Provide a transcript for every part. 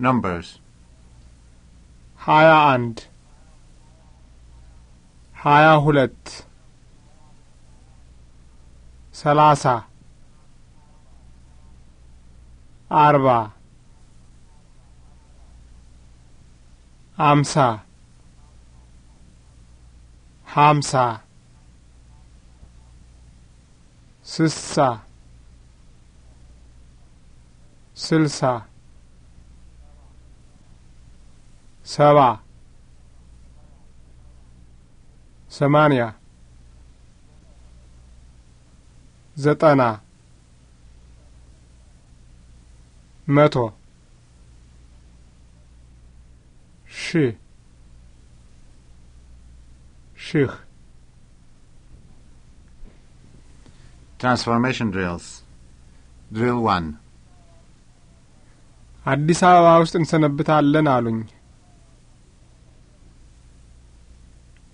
numbers. Haya and Haya hulet Salasa Arba Amsa Hamsa Sissa Silsa ሰባ ሰማንያ ዘጠና መቶ ሺህ ሺህ ትራንስፎርሜሽን ድሪልስ ድሪል ዋን አዲስ አበባ ውስጥ እንሰነብታለን አሉኝ።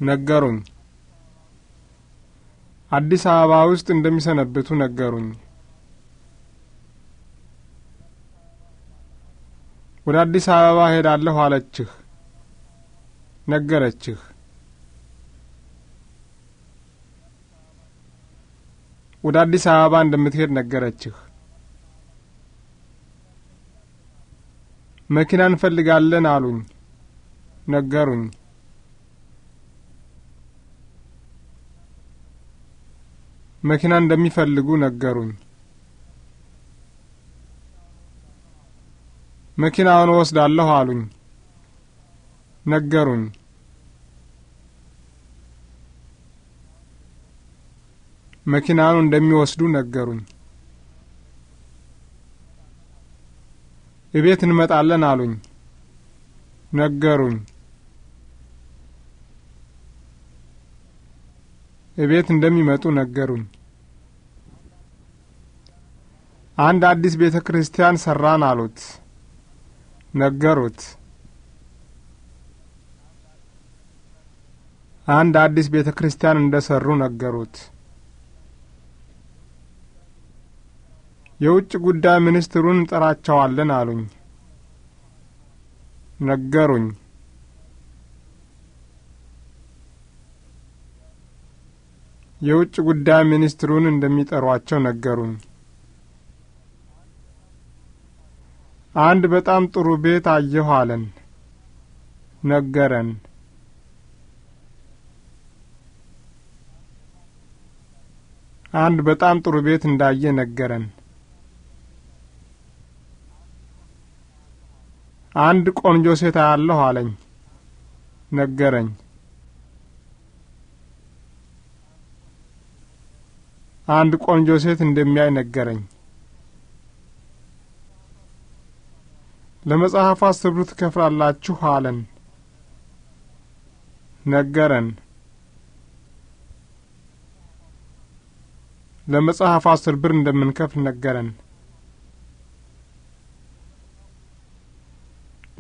ነገሩኝ። አዲስ አበባ ውስጥ እንደሚሰነብቱ ነገሩኝ። ወደ አዲስ አበባ ሄዳለሁ አለችህ። ነገረችህ። ወደ አዲስ አበባ እንደምትሄድ ነገረችህ። መኪና እንፈልጋለን አሉኝ። ነገሩኝ። መኪና እንደሚፈልጉ ነገሩኝ። መኪናውን እወስዳለሁ አሉኝ። ነገሩኝ። መኪናውን እንደሚወስዱ ነገሩኝ። እቤት እንመጣለን አሉኝ። ነገሩኝ። እቤት እንደሚመጡ ነገሩኝ። አንድ አዲስ ቤተ ክርስቲያን ሰራን አሉት። ነገሩት። አንድ አዲስ ቤተ ክርስቲያን እንደ ሰሩ ነገሩት። የውጭ ጉዳይ ሚኒስትሩን እንጠራቸዋለን አሉኝ። ነገሩኝ። የውጭ ጉዳይ ሚኒስትሩን እንደሚጠሯቸው ነገሩኝ። አንድ በጣም ጥሩ ቤት አየሁ አለን። ነገረን። አንድ በጣም ጥሩ ቤት እንዳየ ነገረን። አንድ ቆንጆ ሴት አያለሁ አለኝ። ነገረኝ። አንድ ቆንጆ ሴት እንደሚያይ ነገረኝ። ለመጽሐፉ አስር ብር ትከፍላላችሁ አለን። ነገረን። ለመጽሐፉ አስር ብር እንደምንከፍል ነገረን።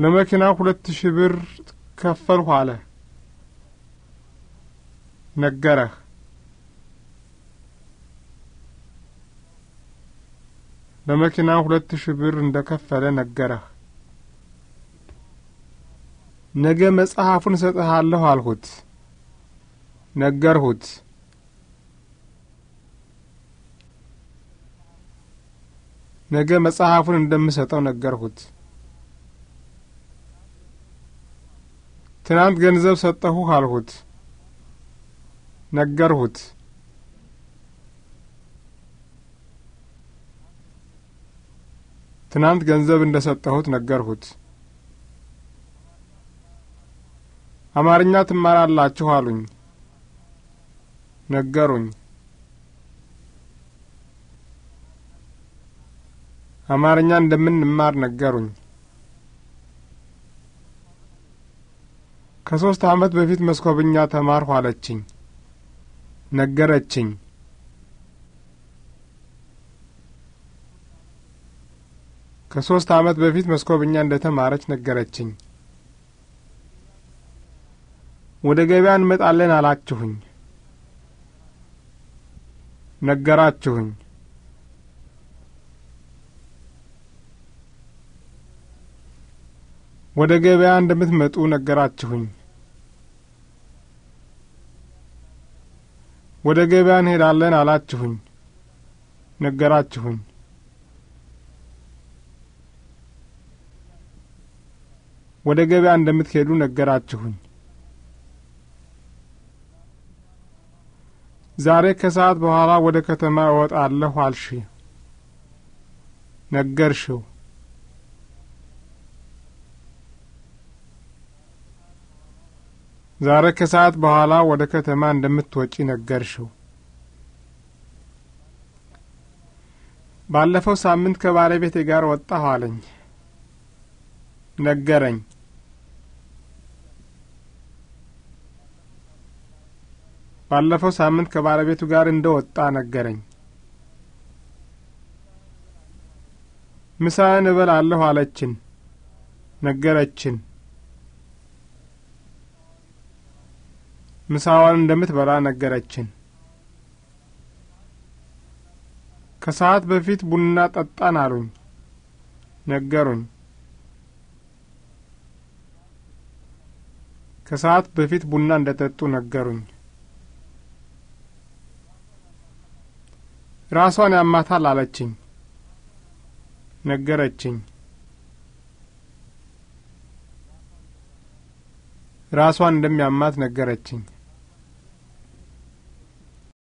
ለመኪና ሁለት ሺህ ብር ከፈልሁ አለ። ነገረህ። ለመኪና ሁለት ሺህ ብር እንደ ከፈለ ነገረህ። ነገ መጽሐፉን እሰጥሃለሁ አልሁት። ነገርሁት። ነገ መጽሐፉን እንደምሰጠው ነገርሁት። ትናንት ገንዘብ ሰጠሁህ አልሁት። ነገርሁት። ትናንት ገንዘብ እንደ ሰጠሁት ነገርሁት። አማርኛ ትማራላችሁ አሉኝ። ነገሩኝ። አማርኛ እንደምንማር ነገሩኝ። ከሶስት ዓመት በፊት መስኮብኛ ተማርሁ አለችኝ። ነገረችኝ። ከሶስት ዓመት በፊት መስኮብኛ እንደ ተማረች ነገረችኝ። ወደ ገበያ እንመጣለን አላችሁኝ። ነገራችሁኝ። ወደ ገበያ እንደምትመጡ ነገራችሁኝ። ወደ ገበያ እንሄዳለን አላችሁኝ። ነገራችሁኝ። ወደ ገበያ እንደምትሄዱ ነገራችሁኝ። ዛሬ ከሰዓት በኋላ ወደ ከተማ እወጣለሁ አልሽ። ነገርሽው። ዛሬ ከሰዓት በኋላ ወደ ከተማ እንደምትወጪ ነገርሽው። ባለፈው ሳምንት ከባለቤቴ ጋር ወጣሁ አለኝ። ነገረኝ። ባለፈው ሳምንት ከባለቤቱ ጋር እንደ ወጣ ነገረኝ። ምሳዬን እበላለሁ አለችን ነገረችን። ምሳዋን እንደምትበላ ነገረችን። ከሰዓት በፊት ቡና ጠጣን አሉኝ ነገሩኝ። ከሰዓት በፊት ቡና እንደ ጠጡ ነገሩኝ። ራሷን ያማታል አለችኝ። ነገረችኝ። ራሷን እንደሚያማት ነገረችኝ።